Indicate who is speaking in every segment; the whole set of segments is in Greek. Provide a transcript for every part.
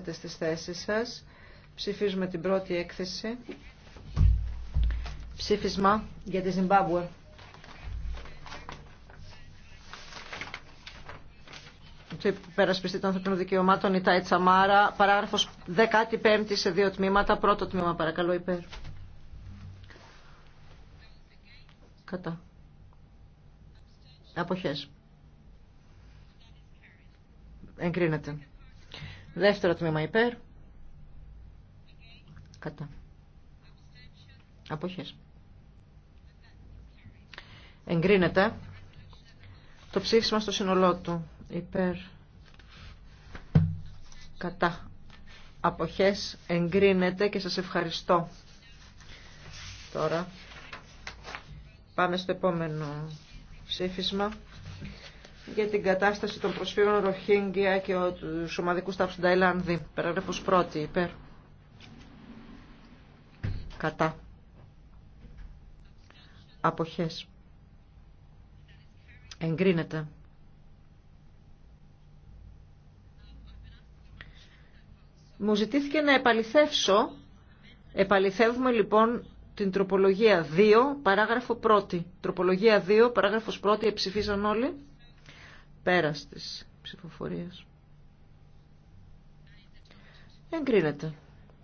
Speaker 1: καθίσετε στις θέσεις σας. Ψηφίζουμε την πρώτη έκθεση. Ψήφισμα για τη Ζιμπάμπουε. Το υπερασπιστή των ανθρωπίνων δικαιωμάτων, η Τάι Τσαμάρα, παράγραφος 15 σε δύο τμήματα. Πρώτο τμήμα, παρακαλώ, υπέρ. Κατά. Αποχές. Εγκρίνεται. Δεύτερο τμήμα υπέρ. Κατά. Αποχές. Εγκρίνεται το ψήφισμα στο σύνολό του. Υπέρ. Κατά. Αποχές εγκρίνεται και σας ευχαριστώ. Τώρα πάμε στο επόμενο ψήφισμα για την κατάσταση των προσφύγων Ροχίνγκια και του ομαδικού Στάφου στην Ταϊλάνδη. Παραγράφος πρώτη, υπέρ. Κατά. Αποχέ. Εγκρίνεται. Μου ζητήθηκε να επαληθεύσω. Επαληθεύουμε λοιπόν την τροπολογία 2, παράγραφο 1. Τροπολογία 2, παράγραφος 1, εψηφίζαν όλοι. Πέρας της ψηφοφορίας. Εγκρίνεται.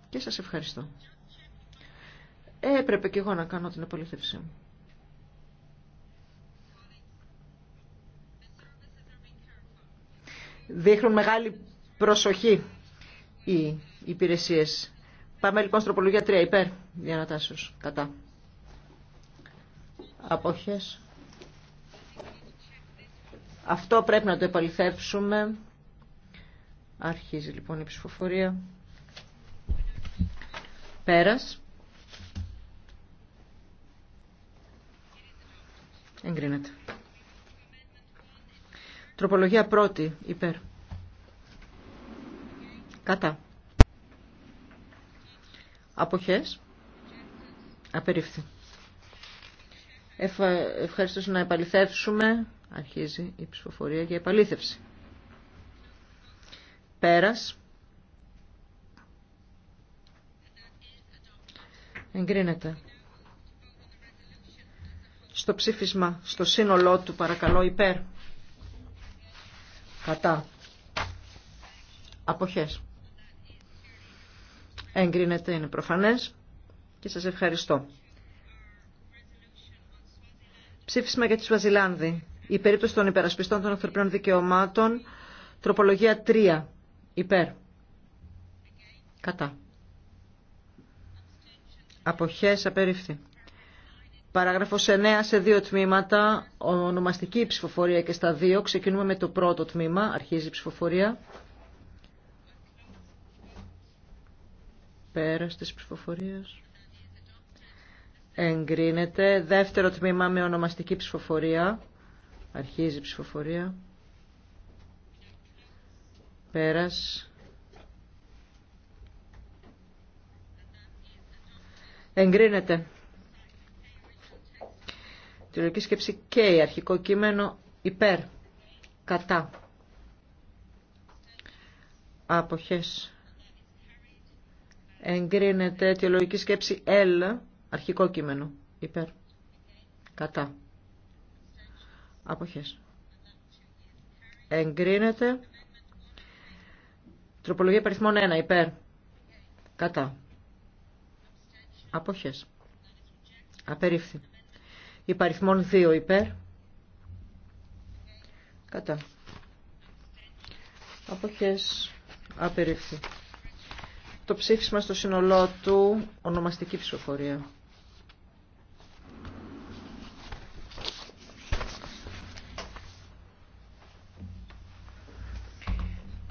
Speaker 1: Και σας ευχαριστώ. έπρεπε και εγώ να κάνω την απολύθευσή μου. Δείχνουν μεγάλη προσοχή οι υπηρεσίες. Πάμε λοιπόν στροπολογία 3 υπέρ διανατάσεως. Κατά. Αποχές. Αυτό πρέπει να το επαληθεύσουμε. Αρχίζει λοιπόν η ψηφοφορία. Πέρας. Εγκρίνεται. Τροπολογία πρώτη, υπέρ. Κατά. Αποχές. Απερίφθη. Ευχαριστώ να επαληθεύσουμε. Αρχίζει η ψηφοφορία για επαλήθευση. Πέρας. Εγκρίνεται. Στο ψήφισμα, στο σύνολό του, παρακαλώ, υπέρ. Κατά. Αποχές. Εγκρίνεται, είναι προφανές. Και σας ευχαριστώ. Ψήφισμα για τη Βαζιλάνδη η περίπτωση των υπερασπιστών των ανθρωπίνων δικαιωμάτων. Τροπολογία 3. Υπέρ. Κατά. Αποχές απερίφθη. Παράγραφος 9 σε δύο τμήματα, ονομαστική ψηφοφορία και στα δύο. Ξεκινούμε με το πρώτο τμήμα, αρχίζει η ψηφοφορία. Πέρας της ψηφοφορίας. Εγκρίνεται. Δεύτερο τμήμα με ονομαστική ψηφοφορία. Αρχίζει η ψηφοφορία. Πέρας. Εγκρίνεται. Τη λογική σκέψη και αρχικό κείμενο υπέρ, κατά, άποχες. Εγκρίνεται τη λογική σκέψη L, αρχικό κείμενο υπέρ, κατά. Αποχές. Εγκρίνεται. Τροπολογία περιθμών 1. Υπέρ. Κατά. Αποχές. Απερίφθη. Υπαριθμών 2. Υπέρ. Κατά. Αποχές. Απερίφθη. Το ψήφισμα στο σύνολό του ονομαστική ψηφοφορία.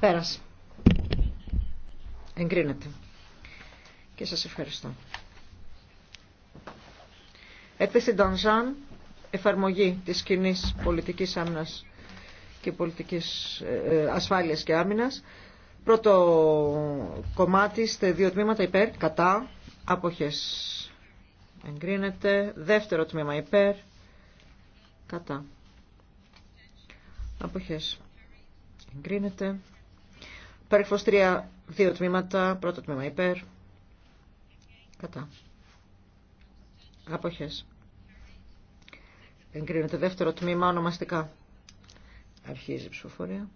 Speaker 1: Πέρασε. Εγκρίνεται. Και σας ευχαριστώ. Έκθεση Ντανζάν, εφαρμογή της κοινή πολιτικής άμυνας και πολιτικής ε, ε, ασφάλειας και άμυνας. Πρώτο κομμάτι, στα δύο τμήματα υπέρ, κατά, άποχες εγκρίνεται. Δεύτερο τμήμα υπέρ, κατά. Αποχές. Εγκρίνεται. Παράγραφος 3, δύο τμήματα. Πρώτο τμήμα υπέρ. Κατά. Αποχές. Εγκρίνεται δεύτερο τμήμα ονομαστικά. Αρχίζει η ψηφοφορία.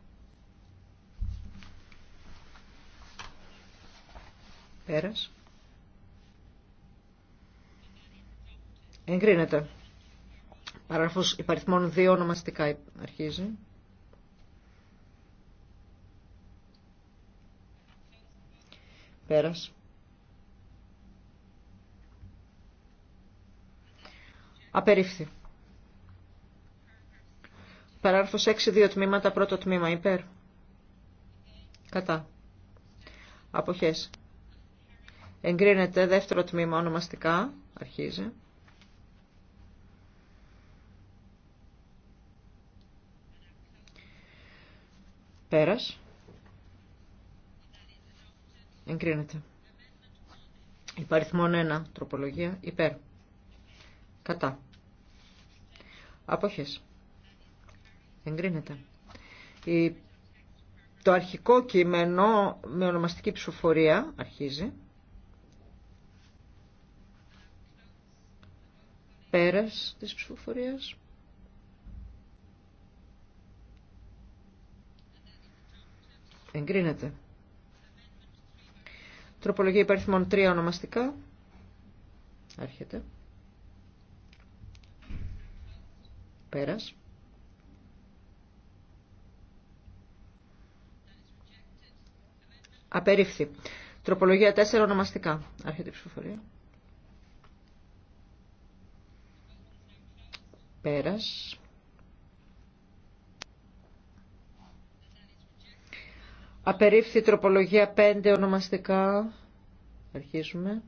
Speaker 1: Πέρας. Εγκρίνεται. Παράγραφος υπαριθμών 2 ονομαστικά αρχίζει. Πέρας. Περάρφος Παράρφος δύο τμήματα, πρώτο τμήμα, υπέρ. Κατά. Αποχές. Εγκρίνεται δεύτερο τμήμα ονομαστικά, αρχίζει. Πέρας. Εγκρίνεται. μόνο 1. Τροπολογία. Υπέρ. Κατά. Αποχές. Εγκρίνεται. Η... Το αρχικό κείμενο με ονομαστική ψηφοφορία αρχίζει. Πέρας της ψηφοφορίας. Εγκρίνεται. Τροπολογία υπέρθυμων 3 ονομαστικά. Άρχεται. Πέρας. Απερίφθη. Τροπολογία 4 ονομαστικά. Άρχεται η ψηφοφορία. Πέρας. Απερίφθη τροπολογία 5 ονομαστικά. Αρχίζουμε.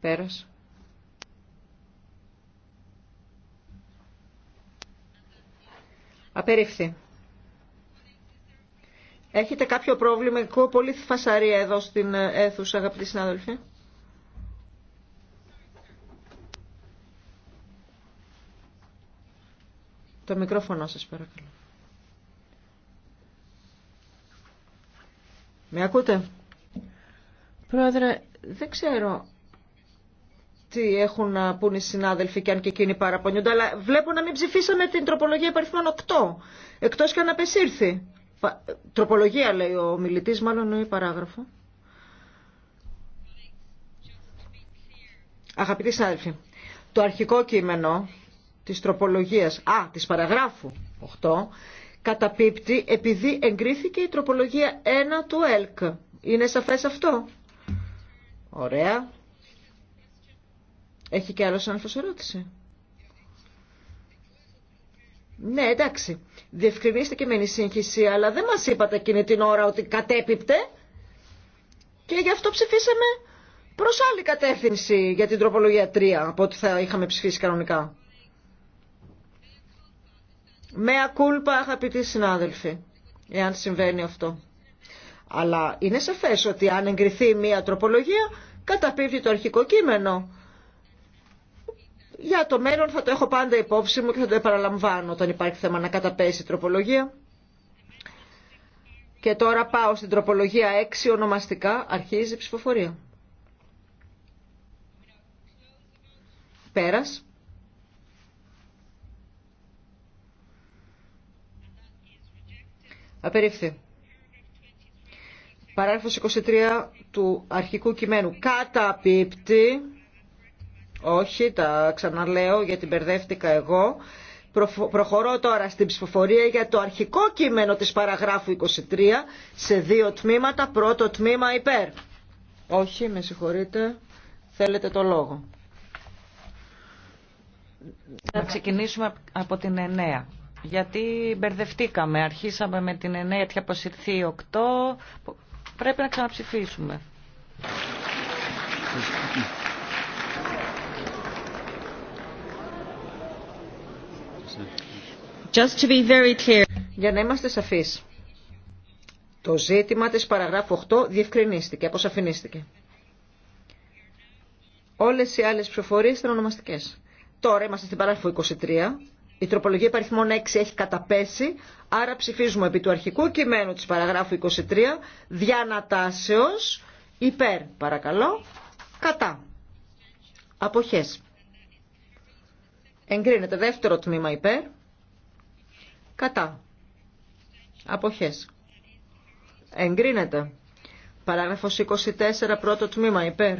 Speaker 1: Πέρασε. Απερίφθη. Έχετε κάποιο πρόβλημα, πολύ φασαρία εδώ στην αίθουσα, αγαπητοί συνάδελφοι. Το μικρόφωνο σας παρακαλώ. Με ακούτε. Πρόεδρε, δεν ξέρω τι έχουν να πούν οι συνάδελφοι και αν και εκείνοι παραπονιούνται, αλλά βλέπω να μην ψηφίσαμε την τροπολογία υπαριθμών 8, εκτός και αν απεσήρθη. Τροπολογία λέει ο μιλητής, μάλλον ή παράγραφο. Αγαπητοί συνάδελφοι, το αρχικό κείμενο της τροπολογίας, α, της παραγράφου 8, καταπίπτει επειδή εγκρίθηκε η τροπολογία 1 του ΕΛΚ. Είναι σαφές αυτό. Ωραία. Έχει και άλλος άνθρωπος ερώτηση. Ναι, εντάξει. Διευκρινίστε και μεν η σύγχυση, αλλά δεν μας είπατε εκείνη την ώρα ότι κατέπιπτε και γι' αυτό ψηφίσαμε προς άλλη κατεύθυνση για την τροπολογία 3 από ό,τι θα είχαμε ψηφίσει κανονικά. Μέα κούλπα αγαπητοί συνάδελφοι, εάν συμβαίνει αυτό. Αλλά είναι σαφές ότι αν εγκριθεί μία τροπολογία, καταπίπτει το αρχικό κείμενο. Για το μέλλον θα το έχω πάντα υπόψη μου και θα το επαναλαμβάνω όταν υπάρχει θέμα να καταπέσει η τροπολογία. Και τώρα πάω στην τροπολογία 6 ονομαστικά, αρχίζει η ψηφοφορία. Πέρας. Απερίφθη. Παράγραφος 23 του αρχικού κειμένου. Καταπίπτει. Όχι, τα ξαναλέω γιατί μπερδεύτηκα εγώ. Προχωρώ τώρα στην ψηφοφορία για το αρχικό κείμενο της παραγράφου 23 σε δύο τμήματα. Πρώτο τμήμα υπέρ. Όχι, με συγχωρείτε. Θέλετε το λόγο.
Speaker 2: Θα ξεκινήσουμε από την 9 γιατί μπερδευτήκαμε. Αρχίσαμε με την 9, ήρθε αποσυρθεί 8. Πρέπει να ξαναψηφίσουμε.
Speaker 1: Just to be very clear. Για να είμαστε σαφείς, το ζήτημα της παραγράφου 8 διευκρινίστηκε, αποσαφινίστηκε. Όλες οι άλλες ψηφοφορίες ήταν ονομαστικές. Τώρα είμαστε στην παράγραφο 23 η τροπολογία υπαριθμών 6 έχει καταπέσει, άρα ψηφίζουμε επί του αρχικού κειμένου της παραγράφου 23, διανατάσεως, υπέρ παρακαλώ, κατά. Αποχές. Εγκρίνεται δεύτερο τμήμα υπέρ, κατά. Αποχές. Εγκρίνεται. Παράγραφος 24, πρώτο τμήμα υπέρ,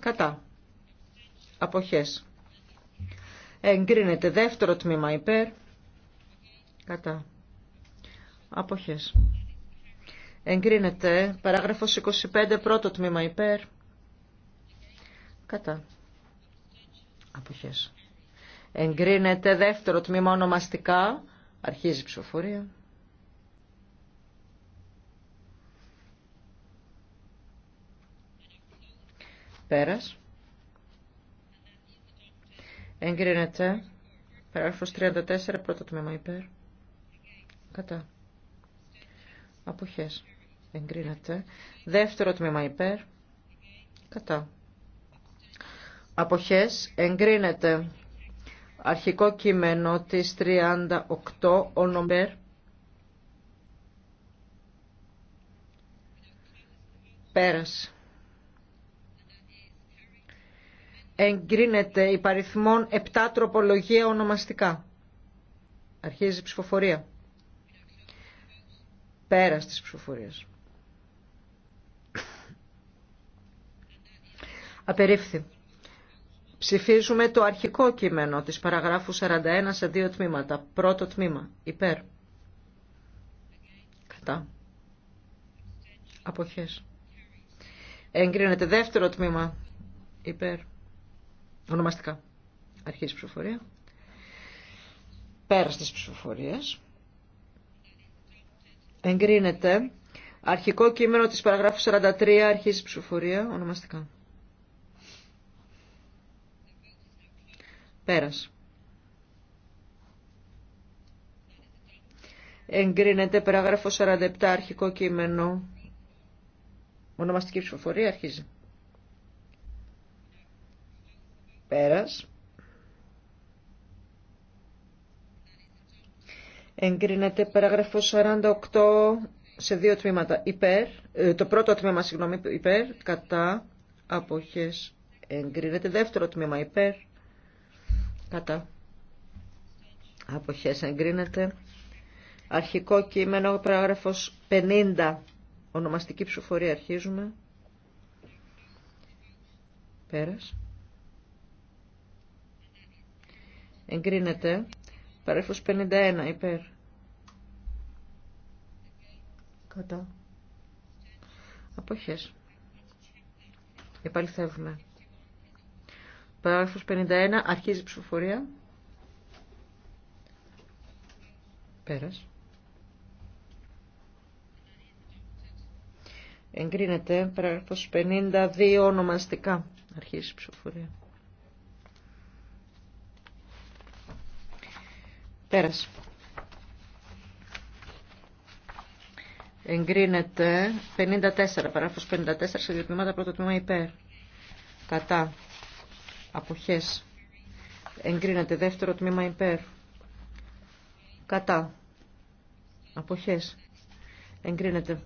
Speaker 1: κατά. Αποχές εγκρίνεται δεύτερο τμήμα υπέρ κατά αποχές εγκρίνεται παράγραφος 25 πρώτο τμήμα υπέρ κατά αποχές εγκρίνεται δεύτερο τμήμα ονομαστικά αρχίζει η ψηφοφορία πέρας Εγκρίνεται. Παράγραφος 34, πρώτο τμήμα υπέρ. Κατά. Αποχές. Εγκρίνεται. Δεύτερο τμήμα υπέρ. Κατά. Αποχές. Εγκρίνεται. Αρχικό κείμενο της 38 ονομπέρ. Πέρασε. εγκρίνεται υπαριθμών 7 τροπολογία ονομαστικά. Αρχίζει η ψηφοφορία. Πέρα της ψηφοφορίας. Απερίφθη. Ψηφίζουμε το αρχικό κείμενο της παραγράφου 41 σε δύο τμήματα. Πρώτο τμήμα. Υπέρ. Κατά. Αποχές. Εγκρίνεται δεύτερο τμήμα. Υπέρ. Ονομαστικά. Αρχής ψηφοφορία. Πέρας της ψηφοφορίας. Εγκρίνεται. Αρχικό κείμενο της παραγράφου 43 αρχής ψηφοφορία. Ονομαστικά. Πέρας. Εγκρίνεται παράγραφο 47 αρχικό κείμενο. Ονομαστική ψηφοφορία αρχίζει. Πέρας. Εγκρίνεται παράγραφο 48 σε δύο τμήματα. Υπέρ, ε, το πρώτο τμήμα, συγγνώμη, υπέρ, κατά, αποχές, εγκρίνεται. Δεύτερο τμήμα, υπέρ, κατά, αποχές, εγκρίνεται. Αρχικό κείμενο, παράγραφος 50, ονομαστική ψηφοφορία, αρχίζουμε. Πέρας. Εγκρίνεται. Παράγραφος 51. Υπέρ. Κατά. Αποχές. Επαληθεύουμε. Παράγραφος 51. Αρχίζει η ψηφοφορία. Πέρας. Εγκρίνεται. Παράγραφος 52. Ονομαστικά. Αρχίζει η ψηφοφορία. Πέρας, Εγκρίνεται 54, παράγραφος 54 σε δύο τμήματα, πρώτο τμήμα υπέρ. Κατά. Αποχές. Εγκρίνεται δεύτερο τμήμα υπέρ. Κατά. Αποχές. Εγκρίνεται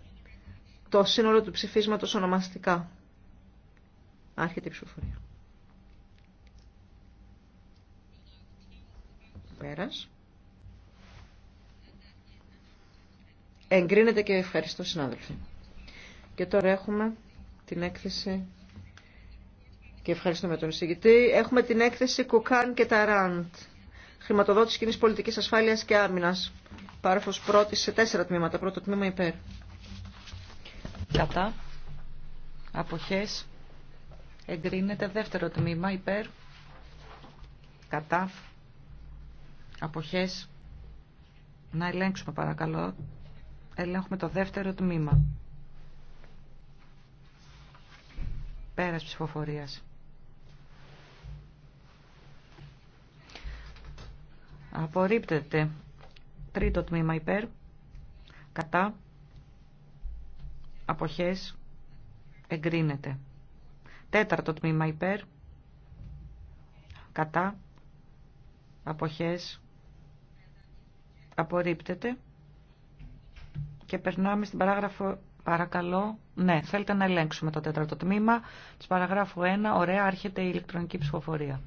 Speaker 1: το σύνολο του ψηφίσματος ονομαστικά. Άρχεται η ψηφοφορία. Πέρας. Εγκρίνεται και ευχαριστώ συνάδελφοι. Και τώρα έχουμε την έκθεση και ευχαριστούμε τον εισηγητή. Έχουμε την έκθεση Κουκάν και Ταράντ. Χρηματοδότηση κοινή πολιτική ασφάλεια και άμυνα. Πάροφο πρώτη σε τέσσερα τμήματα. Πρώτο τμήμα υπέρ.
Speaker 2: Κατά. Αποχέ. Εγκρίνεται. Δεύτερο τμήμα υπέρ. Κατά. Αποχές. Να ελέγξουμε παρακαλώ Ελέγχουμε το δεύτερο τμήμα. Πέρας ψηφοφορίας. Απορρίπτεται. Τρίτο τμήμα υπέρ. Κατά. Αποχές. Εγκρίνεται. Τέταρτο τμήμα υπέρ. Κατά. Αποχές. Απορρίπτεται. Και περνάμε στην παράγραφο, παρακαλώ, ναι, θέλετε να ελέγξουμε το τέταρτο τμήμα Τη παραγράφου 1, ωραία, άρχεται η ηλεκτρονική ψηφοφορία.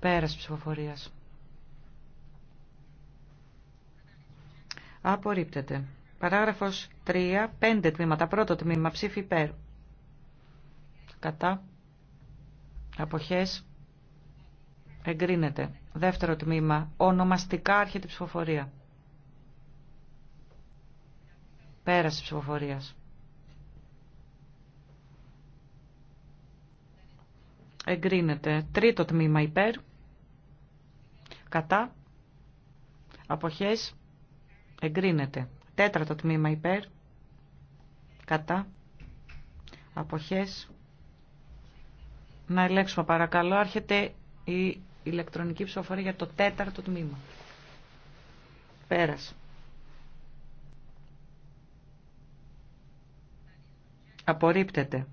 Speaker 2: Πέρας ψηφοφορίας. Απορρίπτεται. Παράγραφος 3, 5 τμήματα, πρώτο τμήμα, ψήφι υπέρ. Κατά. Αποχές. Εγκρίνεται. Δεύτερο τμήμα. Ονομαστικά άρχεται η ψηφοφορία. Πέραση ψηφοφορίας. Εγκρίνεται. Τρίτο τμήμα υπέρ. Κατά. Αποχές. Εγκρίνεται. Τέταρτο τμήμα υπέρ. Κατά. Αποχές. Να ελέγξουμε παρακαλώ. Άρχεται η ηλεκτρονική ψηφοφορία για το τέταρτο τμήμα. Πέρασε. Απορρίπτεται.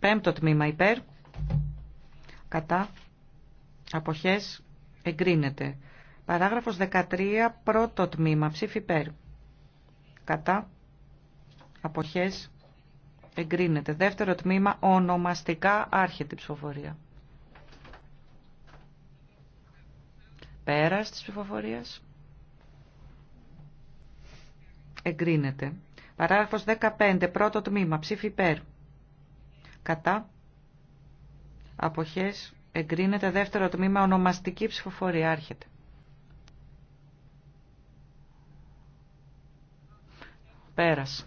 Speaker 2: Πέμπτο τμήμα υπέρ. Κατά. Αποχές. Εγκρίνεται. Παράγραφος 13. Πρώτο τμήμα. Ψήφι υπέρ. Κατά. Αποχές. Εγκρίνεται. Δεύτερο τμήμα. Ονομαστικά άρχεται η ψηφοφορία. Πέρας της ψηφοφορίας. Εγκρίνεται. Παράγραφος 15. Πρώτο τμήμα. Ψήφι υπέρ. Κατά. Αποχές. Εγκρίνεται. Δεύτερο τμήμα. Ονομαστική ψηφοφορία. Άρχεται. Πέρας.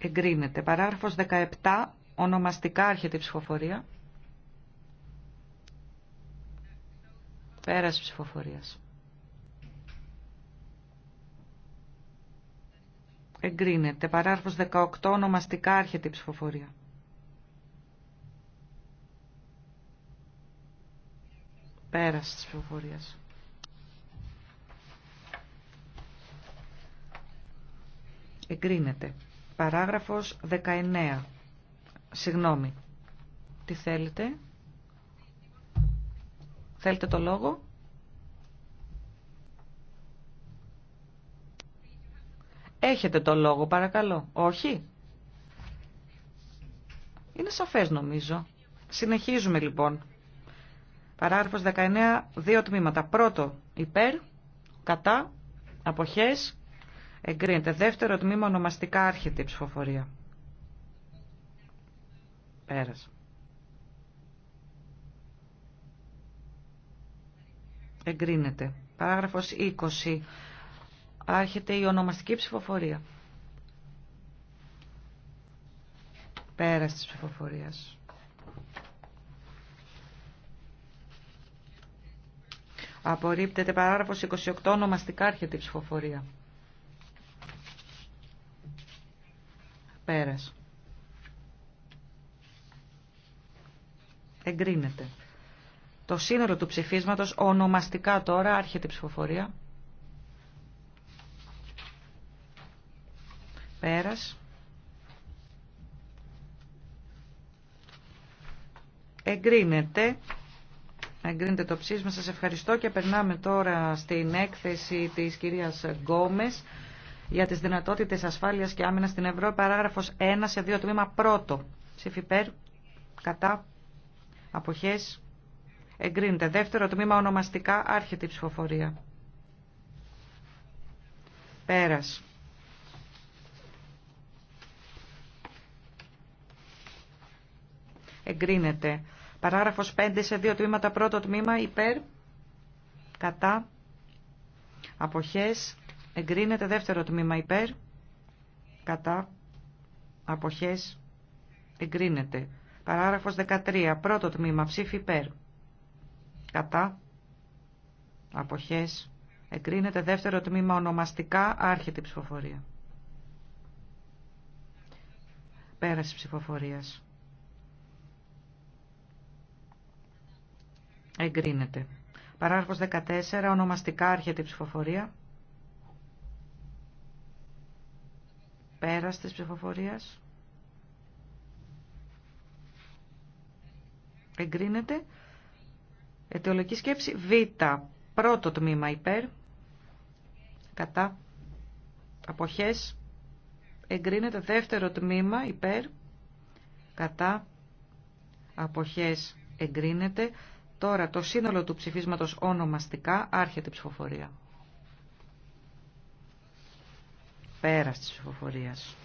Speaker 2: Εγκρίνεται. Παράγραφος 17. Ονομαστικά άρχεται η ψηφοφορία. Πέρας ψηφοφορίας. Εγκρίνεται. Παράγραφος 18. Ονομαστικά άρχεται η ψηφοφορία. Πέρας της ψηφοφορίας. Εγκρίνεται. Παράγραφος 19. Συγγνώμη. Τι θέλετε. Θέλετε το λόγο. Έχετε το λόγο, παρακαλώ. Όχι. Είναι σαφές νομίζω. Συνεχίζουμε λοιπόν. Παράγραφος 19, δύο τμήματα. Πρώτο, υπέρ, κατά, αποχές, εγκρίνεται. Δεύτερο τμήμα, ονομαστικά άρχεται η ψηφοφορία. Πέρασε. Εγκρίνεται. Παράγραφος 20. Άρχεται η ονομαστική ψηφοφορία. Πέρας της ψηφοφορίας. Απορρίπτεται παράγραφος 28 ονομαστικά άρχεται η ψηφοφορία. Πέρας. Εγκρίνεται το σύνολο του ψηφίσματος ονομαστικά τώρα άρχεται η ψηφοφορία. Πέρας. Εγκρίνεται. Εγκρίνεται το ψήφισμα. Σας ευχαριστώ και περνάμε τώρα στην έκθεση της κυρίας Γκόμες για τις δυνατότητες ασφάλειας και άμυνας στην Ευρώπη, παράγραφος 1 σε δύο τμήμα πρώτο. Ψήφι υπέρ, κατά, αποχές, εγκρίνεται. Δεύτερο τμήμα ονομαστικά άρχεται η ψηφοφορία. Πέρας. Εγκρίνεται. Παράγραφος 5 σε δύο τμήματα. Πρώτο τμήμα υπέρ, κατά, αποχές. Εγκρίνεται δεύτερο τμήμα υπέρ, κατά, αποχές. Εγκρίνεται. Παράγραφος 13. Πρώτο τμήμα. Ψήφι υπέρ κατά, αποχές, εγκρίνεται δεύτερο τμήμα ονομαστικά, άρχεται ψηφοφορία. Πέραση ψηφοφορίας. Εγκρίνεται. Παράγραφος 14, ονομαστικά άρχεται ψηφοφορία. Πέραση της ψηφοφορίας. Εγκρίνεται. Αιτιολογική σκέψη Β. Πρώτο τμήμα υπέρ. Κατά. Αποχές. Εγκρίνεται δεύτερο τμήμα υπέρ. Κατά. Αποχές. Εγκρίνεται. Τώρα το σύνολο του ψηφίσματος ονομαστικά άρχεται η ψηφοφορία. Πέρας της ψηφοφορίας.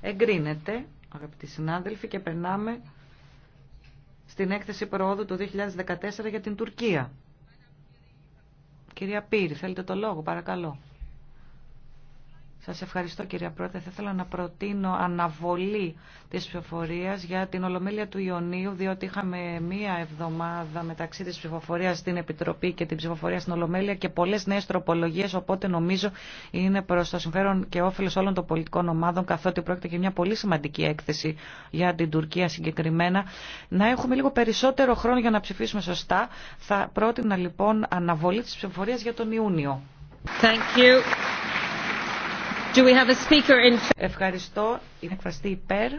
Speaker 2: Εγκρίνεται, αγαπητοί συνάδελφοι, και περνάμε στην έκθεση προόδου του 2014 για την Τουρκία. Κυρία Πύρη, θέλετε το λόγο, παρακαλώ. Σας ευχαριστώ κυρία Πρόεδρε. Θα ήθελα να προτείνω αναβολή της ψηφοφορία για την Ολομέλεια του Ιωνίου, διότι είχαμε μία εβδομάδα μεταξύ της ψηφοφορία στην Επιτροπή και την ψηφοφορία στην Ολομέλεια και πολλές νέες τροπολογίες, οπότε νομίζω είναι προς το συμφέρον και όφελος όλων των πολιτικών ομάδων, καθότι πρόκειται για μια πολύ σημαντική έκθεση για την Τουρκία συγκεκριμένα. Να έχουμε λίγο περισσότερο χρόνο για να ψηφίσουμε σωστά. Θα πρότεινα λοιπόν αναβολή της ψηφοφορία για τον Ιούνιο. Thank you. Ευχαριστώ. we εκφραστή υπέρ.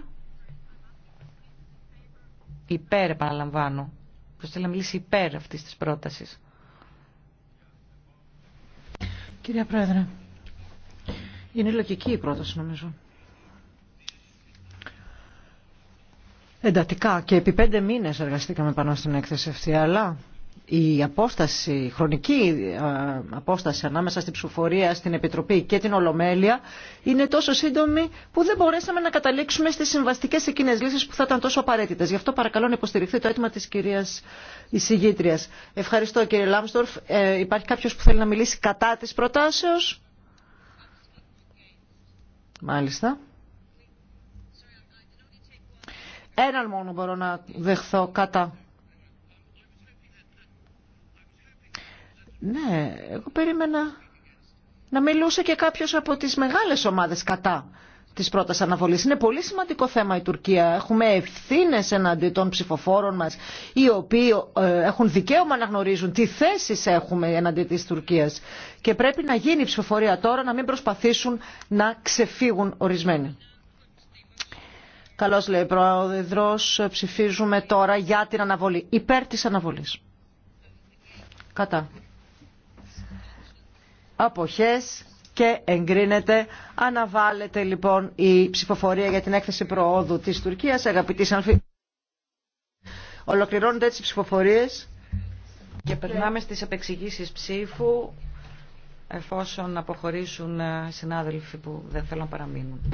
Speaker 2: Υπέρ, επαναλαμβάνω. Θα θέλω να μιλήσει υπέρ αυτής της πρότασης. Κυρία Πρόεδρε,
Speaker 1: είναι λογική η πρόταση νομίζω. Εντατικά και επί πέντε μήνες εργαστήκαμε πάνω στην έκθεση αυτή, αλλά η απόσταση, η χρονική ε, απόσταση ανάμεσα στην ψηφοφορία, στην Επιτροπή και την Ολομέλεια είναι τόσο σύντομη που δεν μπορέσαμε να καταλήξουμε στις συμβαστικές εκείνες λύσεις που θα ήταν τόσο απαραίτητε. Γι' αυτό παρακαλώ να υποστηριχθεί το αίτημα της κυρίας εισηγήτριας. Ευχαριστώ κύριε Λάμστορφ. Ε, υπάρχει κάποιος που θέλει να μιλήσει κατά της προτάσεως. Μάλιστα. Έναν μόνο μπορώ να δεχθώ κατά Ναι, εγώ περίμενα να μιλούσε και κάποιος από τις μεγάλες ομάδες κατά της πρώτας αναβολής. Είναι πολύ σημαντικό θέμα η Τουρκία. Έχουμε ευθύνε εναντί των ψηφοφόρων μας, οι οποίοι ε, έχουν δικαίωμα να γνωρίζουν τι θέσεις έχουμε εναντί της Τουρκίας. Και πρέπει να γίνει η ψηφοφορία τώρα, να μην προσπαθήσουν να ξεφύγουν ορισμένοι. Καλώς λέει Πρόεδρος, ψηφίζουμε τώρα για την αναβολή. Υπέρ της αναβολής. Κατά αποχές και εγκρίνεται. Αναβάλλεται λοιπόν η ψηφοφορία για την έκθεση προόδου
Speaker 2: της Τουρκίας. Αγαπητοί φίλοι, ολοκληρώνονται έτσι οι ψηφοφορίες. Και περνάμε στις επεξηγήσεις ψήφου εφόσον αποχωρήσουν ε, συνάδελφοι που δεν θέλουν να παραμείνουν.